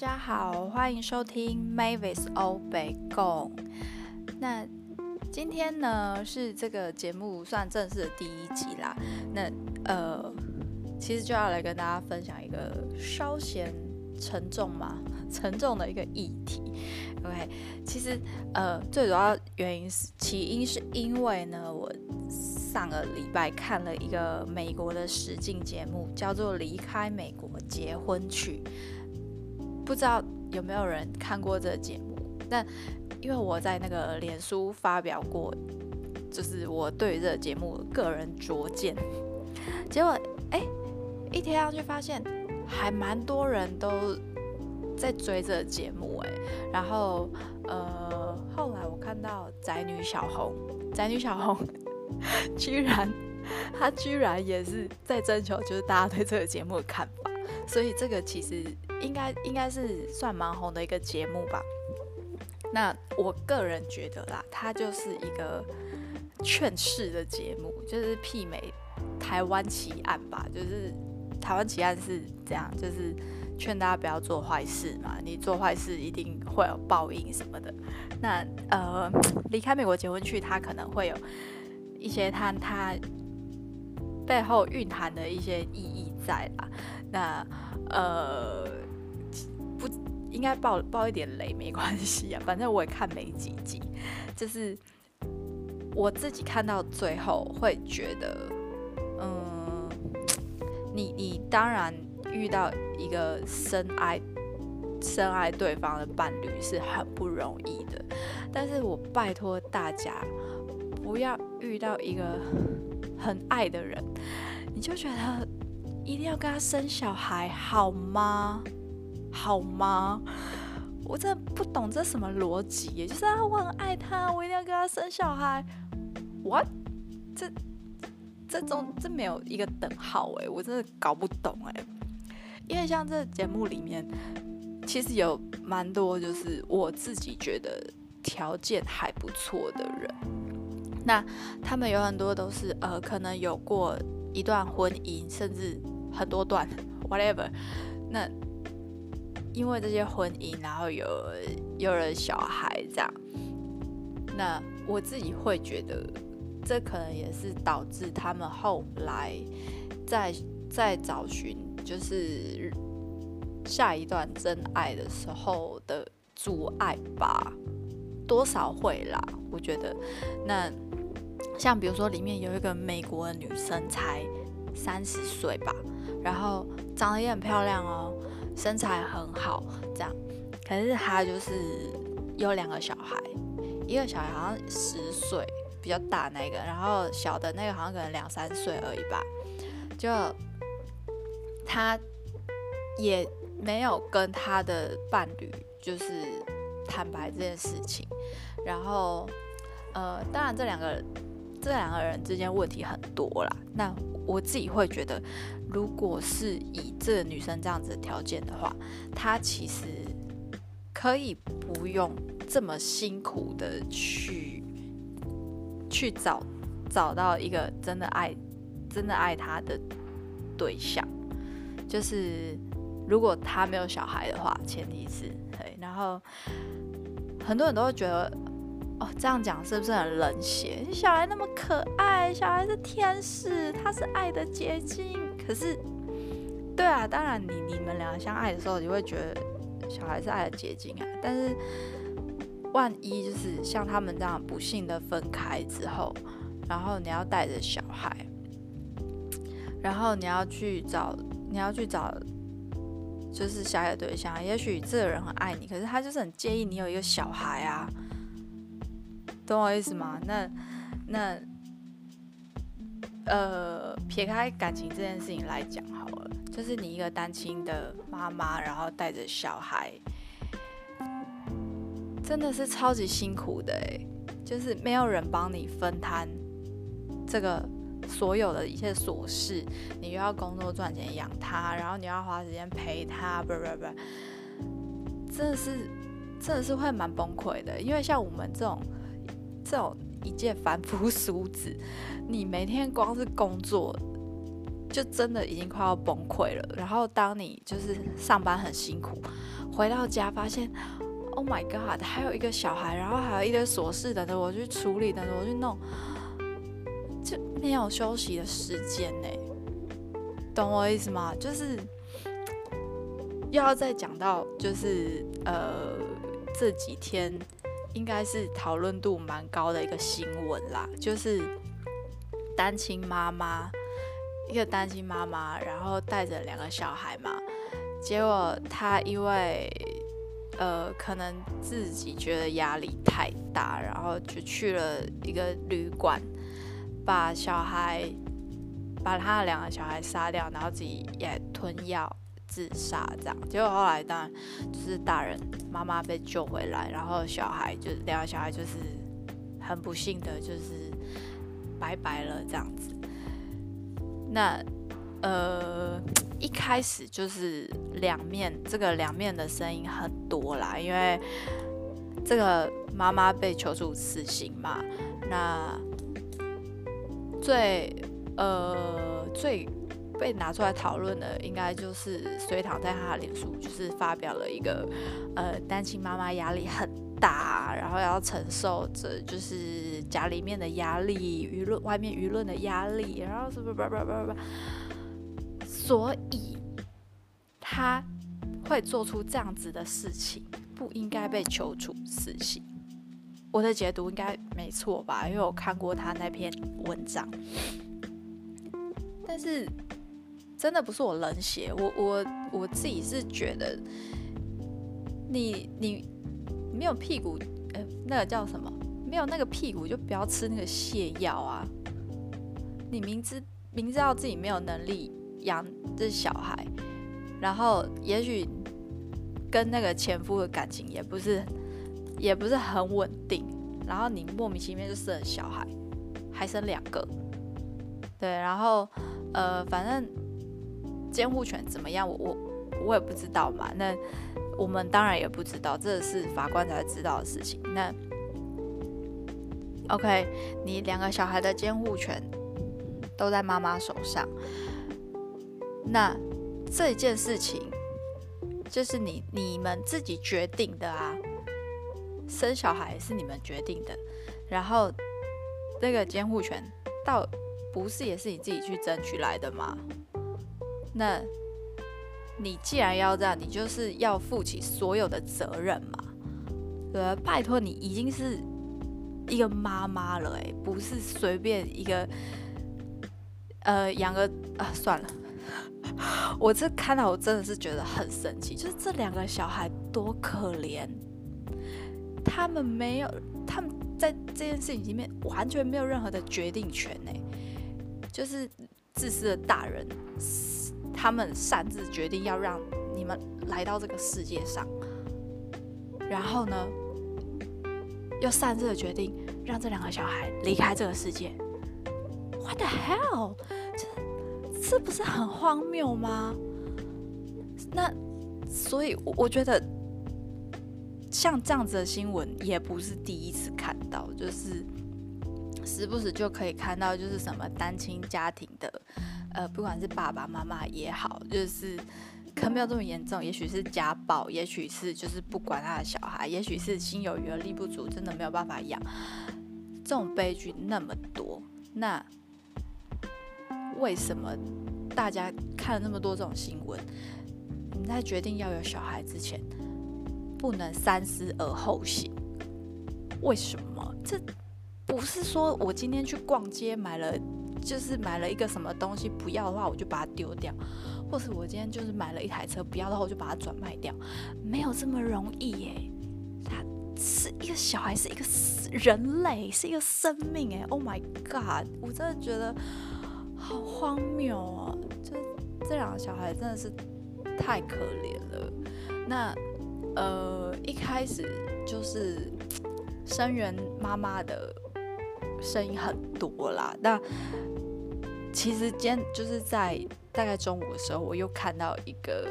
大家好，歡迎收聽 Mavis 歐北共。那今天呢，是這個節目算正式的第一集啦。那呃，其實就要來跟大家分享一個稍顯沉重嘛，沉重的一個議題。OK，其實呃，最主要原因是起因是因為呢，我上個禮拜看了一個美國的實境節目，叫做《離開美國結婚去》。不知道有沒有人看過這個節目，但因為我在那個臉書發表過，就是我對這個節目個人拙見。結果哎、欸，一貼上去發現還蠻多人都在追這個節目，欸，然後呃，後來我看到宅女小紅，宅女小紅居然她居然也是在徵求就是大家對這個節目的看法。所以這個其實應該應該是算蠻紅的一個節目吧。那我個人覺得啦，它就是一個勸世的節目，就是媲美台灣奇案吧。就是台灣奇案是這樣，就是勸大家不要做壞事嘛，你做壞事一定會有報應什麼的。那呃，離開美國結婚去，它可能會有一些它它背後蘊含的一些意義在啦。那呃。應該爆爆一點雷沒關係啊，反正我也看沒幾集，就是我自己看到最後會覺得，嗯，你你當然遇到一個深愛深愛對方的伴侶是很不容易的，但是我拜託大家不要遇到一個很愛的人，你就覺得一定要跟他生小孩好嗎？好嗎？我真的不懂這什麼邏輯，也就是啊，我很愛他，我一定要跟他生小孩。What？這這種這沒有一個等號哎，我真的搞不懂哎。因為像這節目裡面，其實有蠻多就是我自己覺得條件還不錯的人，那他們有很多都是呃，可能有過一段婚姻，甚至很多段，whatever 那，那因為這些婚姻，然後有有了小孩，這樣，那我自己會覺得，這可能也是導致他們後來再再找尋就是下一段真愛的時候的阻礙吧，多少會啦，我覺得。那像比如說裡面有一個美國的女生，才三十歲吧，然後長得也很漂亮哦。身材很好，這樣，可是他就是有兩個小孩，一個小孩好像十歲，比較大那個，然後小的那個好像可能兩三歲而已吧，就他也沒有跟他的伴侶就是坦白這件事情，然後呃，當然這兩個人這兩個人之間問題很多啦，那我自己會覺得。如果是以這個女生這樣子的條件的話，她其實可以不用這麼辛苦的去去找找到一個真的愛、真的愛她的對象。就是如果她沒有小孩的話，前提是對。然後很多人都會覺得，哦，這樣講是不是很冷血？你小孩那麼可愛，小孩是天使，他是愛的結晶。可是，對啊，當然你，你你們兩個相愛的時候，你會覺得小孩是愛的結晶啊。但是，萬一就是像他們這樣不幸的分開之後，然後你要帶着小孩，然後你要去找，你要去找，就是小孩的對象。也許這個人很愛你，可是他就是很介意你有一個小孩啊，懂我意思嗎？那，那。呃，撇開感情這件事情來講好了，就是你一個單親的媽媽，然後帶着小孩，真的是超級辛苦的誒，就是沒有人幫你分攤這個所有的一切瑣事，你又要工作賺錢養他，然後你要花時間陪他，不不不，真的是真的是會蠻崩潰的，因為像我們這種這種。一介凡夫俗子，你每天光是工作，就真的已經快要崩潰了。然後當你就是上班很辛苦，回到家發現，Oh my god，還有一個小孩，然後還有一堆瑣事等着我去處理，等着我去弄，就沒有休息的時間呢、欸。懂我意思嗎？就是又要再講到，就是呃這幾天。應該是討論度蠻高的一個新聞啦，就是單親媽媽，一個單親媽媽，然後帶着兩個小孩嘛，結果她因為呃可能自己覺得壓力太大，然後就去了一個旅館，把小孩，把她的兩個小孩殺掉，然後自己也吞藥。自殺這樣，結果後來當然就是大人媽媽被救回來，然後小孩就兩個小孩就是很不幸的，就是拜拜了這樣子。那呃一開始就是兩面，這個兩面的聲音很多啦，因為這個媽媽被求處死刑嘛，那最呃最。呃最被拿出來討論的，應該就是隋棠，在他臉書就是發表了一個，呃，單親媽媽壓力很大，然後要承受着就是家裡面的壓力、輿論、外面輿論的壓力，然後什麼什麼什麼什麼什麼，所以他會做出這樣子的事情，不應該被求處死刑。我的解讀應該沒錯吧？因為我看過他那篇文章，但是。真的不是我冷血，我我我自己是覺得你，你你沒有屁股，呃、欸，那個叫什麼？沒有那個屁股就不要吃那個瀉藥啊！你明知明知道自己沒有能力養這、就是、小孩，然後也許跟那個前夫的感情也不是也不是很穩定，然後你莫名其妙就生了小孩，還生兩個，對，然後呃，反正。監護權怎麼樣我？我我我也不知道嘛。那我們當然也不知道，這是法官才知道的事情。那 OK，你兩個小孩的監護權都在媽媽手上。那這件事情就是你你們自己決定的啊，生小孩是你們決定的，然後這個監護權倒不是也是你自己去爭取來的嗎？那你既然要這樣，你就是要負起所有的責任嘛。呃，拜託你，已經是一個媽媽了，欸，不是隨便一個，呃，養個啊，算了。 我這看到我真的是覺得很神奇，就是這兩個小孩多可憐，他們沒有，他們在這件事情裡面完全沒有任何的決定權，欸，就是自私的大人。他們擅自決定要讓你們來到這個世界上，然後呢，又擅自決定讓這兩個小孩離開這個世界。What the hell？這這不是很荒謬嗎？那所以我，我覺得，像這樣子的新聞也不是第一次看到，就是。時不時就可以看到，就是什麼單親家庭的，呃，不管是爸爸媽媽也好，就是可沒有這麼嚴重，也許是家暴，也許是就是不管他的小孩，也許是心有餘而力不足，真的沒有辦法養。這種悲劇那麼多，那為什麼大家看了那麼多這種新聞，你在決定要有小孩之前，不能三思而後行？為什麼這？不是說我今天去逛街買了，就是買了一個什麼東西不要的話，我就把它丟掉，或是我今天就是買了一台車不要的話，我就把它轉賣掉，沒有這麼容易耶、欸。他是一個小孩，是一個人類，是一個生命哎、欸，Oh my God，我真的覺得好荒謬哦、啊。就這兩個小孩真的是太可憐了。那呃一開始就是生人媽媽的。聲音很多啦。那其實今天就是在大概中午的時候，我又看到一個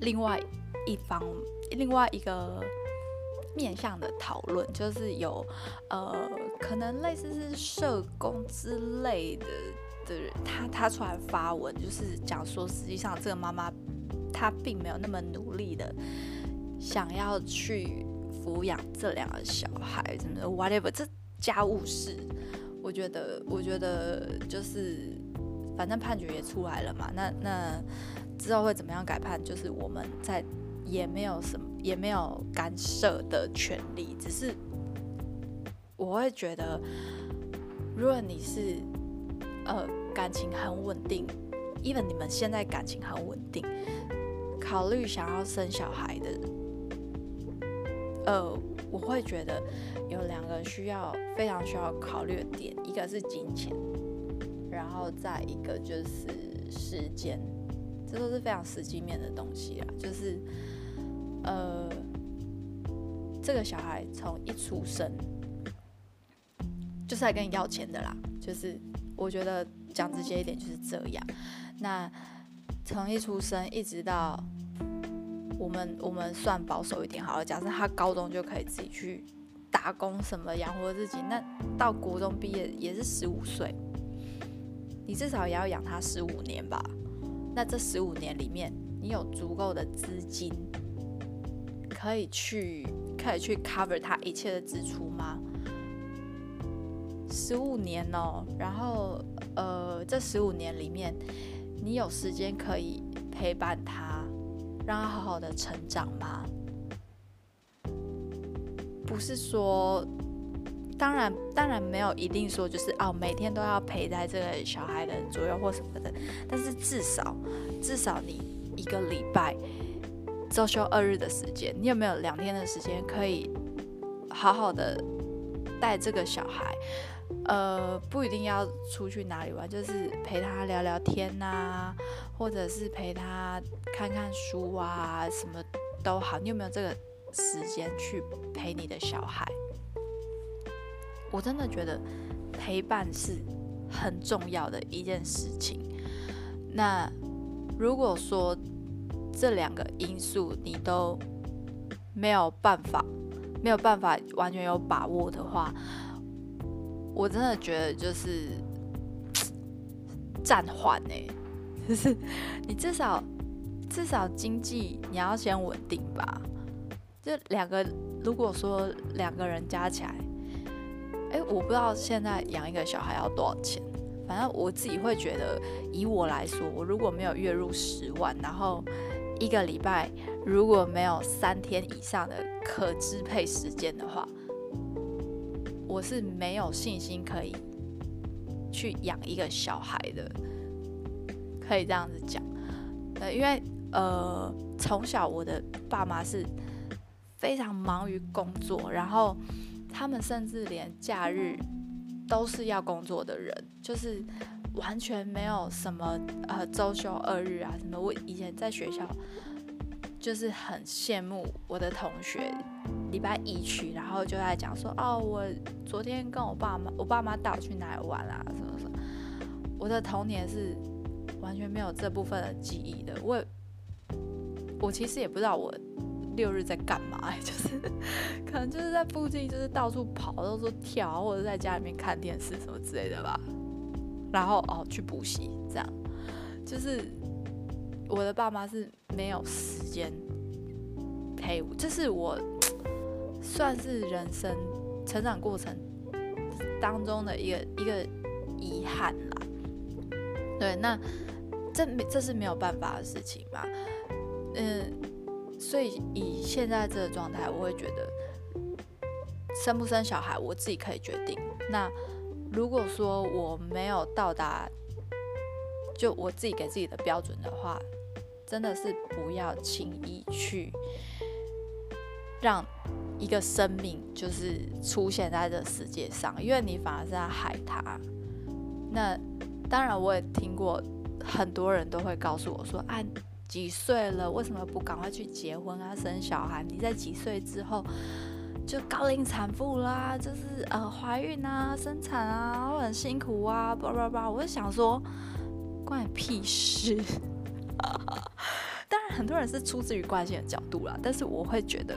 另外一方另外一個面向的討論，就是有呃可能類似是社工之類的的人，他他出來發文，就是講說實際上這個媽媽她並沒有那麼努力的想要去撫養這兩個小孩，真的 whatever 這。家務事，我覺得，我覺得就是，反正判決也出來了嘛，那那之後會怎麼樣改判，就是我們在也沒有什麼，也沒有干涉的權利，只是我會覺得，如果你是呃感情很穩定，even 你們現在感情很穩定，考慮想要生小孩的。呃，我會覺得有兩個需要非常需要考慮的點，一個是金錢，然後再一個就是時間，這都是非常實際面的東西啦。就是，呃，這個小孩從一出生就是來跟你要錢的啦。就是，我覺得講直接一點就是這樣。那從一出生一直到。我們我們算保守一點好了，假設他高中就可以自己去打工什麼養活自己，那到國中畢業也是十五歲，你至少也要養他十五年吧？那這十五年裡面，你有足夠的資金可以去可以去 cover 他一切的支出嗎？十五年哦，然後呃，這十五年裡面，你有時間可以陪伴他。讓他好好的成長嗎？不是說，當然當然沒有一定說就是哦，每天都要陪在這個小孩的左右或什麼的，但是至少至少你一個禮拜，周休二日的時間，你有沒有兩天的時間可以好好的帶這個小孩？呃，不一定要出去哪裡玩，就是陪他聊聊天吶、啊，或者是陪他看看書啊，什麼都好。你有沒有這個時間去陪你的小孩？我真的覺得陪伴是很重要的一件事情。那如果說這兩個因素你都沒有辦法，沒有辦法完全有把握的話。我真的覺得就是暫緩呢，就是、欸、 你至少至少經濟你要先穩定吧。就兩個，如果說兩個人加起來，哎、欸，我不知道現在養一個小孩要多少錢？反正我自己會覺得，以我來說，我如果沒有月入十萬，然後一個禮拜如果沒有三天以上的可支配時間的話。我是沒有信心可以去養一個小孩的，可以這樣子講，呃，因為呃，從小我的爸媽是非常忙於工作，然後他們甚至連假日都是要工作的人，就是完全沒有什麼，呃，週休二日啊什麼。我以前在學校就是很羨慕我的同學。禮拜一去，然後就在講說：“哦，我昨天跟我爸媽，我爸媽帶我去哪裡玩啊？什麼什麼？”我的童年是完全沒有這部分的記憶的。我我其實也不知道我六日在幹嘛，就是可能就是在附近，就是到處跑，或者說跳，或者在家裡面看電視什麼之類的吧。然後哦，去補習，這樣就是我的爸媽是沒有時間陪我，就是我，算是人生成長過程當中的一個一個遺憾啦。對，那這沒，這是沒有辦法的事情嘛、呃。嗯，所以以現在這個狀態，我會覺得生不生小孩我自己可以決定。那如果說我沒有到達，就我自己給自己的標準的話，真的是不要輕易去讓。一個生命就是出現在這世界上，因為你反而是在害他。那當然，我也聽過很多人都會告訴我說：“啊，幾歲了？為什麼不趕快去結婚啊，生小孩？你在幾歲之後就高齡產婦啦，就是呃懷孕啊、生產啊，會很辛苦啊，叭叭叭。”我就想說，關你屁事。 當然，很多人是出自於關心的角度啦，但是我會覺得。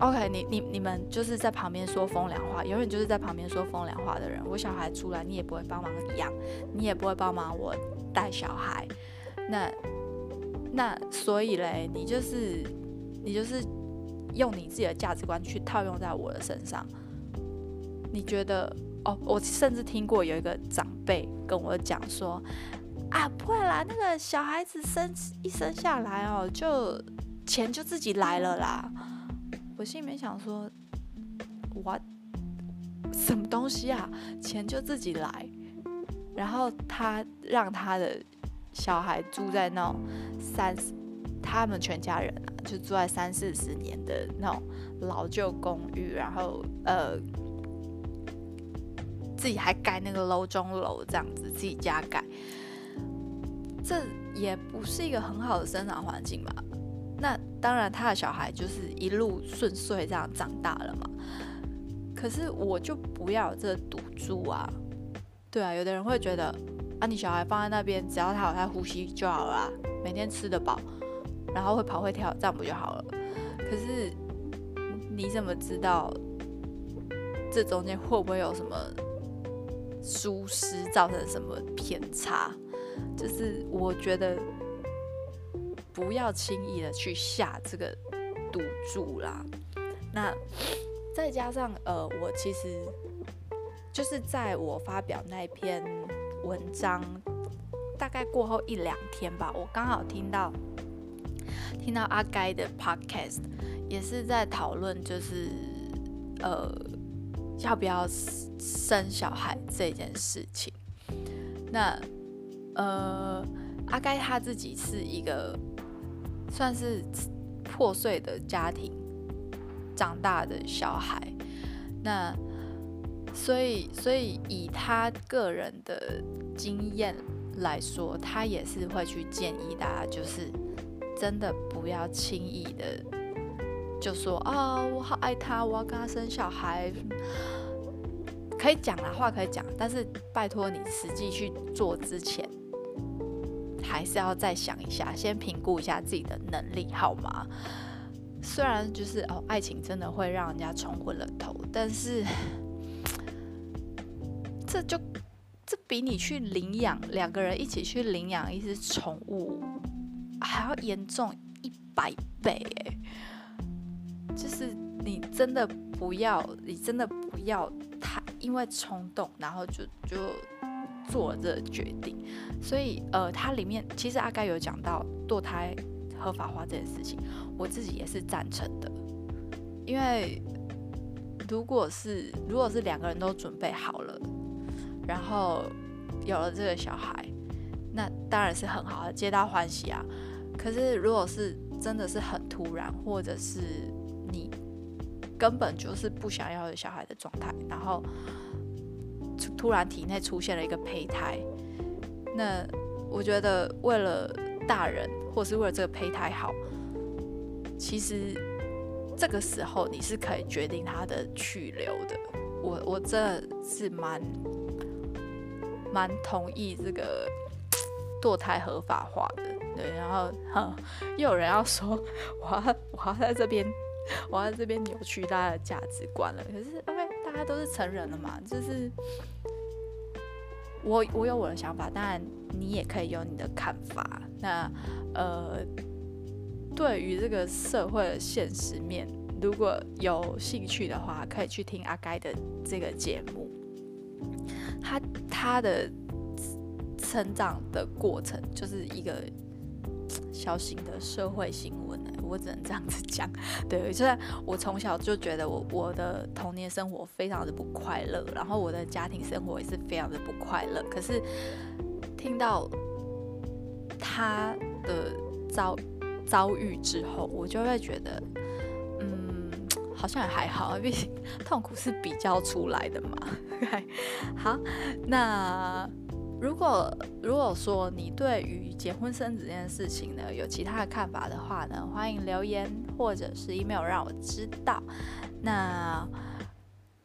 OK，你你你們就是在旁邊說風涼話，永遠就是在旁邊說風涼話的人。我小孩出來你，你也不會幫忙養，你也不會幫忙我帶小孩。那那所以嘞，你就是你就是用你自己的價值觀去套用在我的身上。你覺得哦，我甚至聽過有一個長輩跟我講說，啊，不會啦，那個小孩子生一生下來哦，就錢就自己來了啦。我心裡面想說，what 什麼東西啊？錢就自己來，然後他讓他的小孩住在那種三，他們全家人啊就住在三四十年的那種老舊公寓，然後呃，自己還蓋那個樓中樓這樣子，自己家蓋，這也不是一個很好的生長環境吧。當然，他的小孩就是一路順遂這樣長大了嘛。可是我就不要這賭注啊！對啊，有的人會覺得啊，你小孩放在那邊，只要他有他呼吸就好啦，啊，每天吃得飽，然後會跑會跳，這樣不就好了？可是你怎麼知道這中間會不會有什麼疏失，造成什麼偏差？就是我覺得。不要輕易的去下這個賭注啦。那再加上呃，我其實就是在我發表那篇文章大概過後一兩天吧，我剛好聽到聽到阿該的 Podcast，也是在討論就是呃要不要生小孩這件事情。那呃阿該他自己是一個。算是破碎的家庭長大的小孩，那所以所以以他個人的經驗來說，他也是會去建議大家，就是真的不要輕易的就說啊，我好愛他，我要跟他生小孩，可以講啊，話可以講，但是拜托你實際去做之前。還是要再想一下，先評估一下自己的能力，好嗎？雖然就是哦，愛情真的會讓人家衝昏了頭，但是這就這比你去領養兩個人一起去領養一隻寵物還要嚴重一百倍誒，就是你真的不要，你真的不要太因為衝動，然後就就。做這個決定，所以呃，它裡面其實阿該有講到墮胎合法化這件事情，我自己也是贊成的，因為如果是如果是兩個人都準備好了，然後有了這個小孩，那當然是很好，皆大歡喜啊。可是如果是真的是很突然，或者是你根本就是不想要有小孩的狀態，然後。突然體內出現了一個胚胎，那我覺得為了大人，或是為了這個胚胎好，其實這個時候你是可以決定它的去留的。我我真的是蠻蠻同意這個墮胎合法化的，對。然後哼又有人要說，我要我要在這邊，我要在這邊扭曲大家的價值觀了。可是因為。Okay, 大家都是成人了嘛，就是我我有我的想法，當然你也可以有你的看法。那呃，對於這個社會的現實面，如果有興趣的話，可以去聽阿該的這個節目。他他的成長的過程就是一個小型的社會新聞。我只能這樣子講，對，就是我從小就覺得我我的童年生活非常的不快樂，然後我的家庭生活也是非常的不快樂。可是聽到他的遭遭遇之後，我就會覺得，嗯，好像也還好，畢竟痛苦是比較出來的嘛。好，那。如果如果說你對於結婚生子這件事情呢，有其他的看法的話呢，歡迎留言或者是 email 讓我知道。那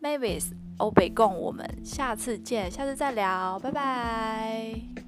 Mavis 歐北貢，Obegon, 我們下次見，下次再聊，拜拜。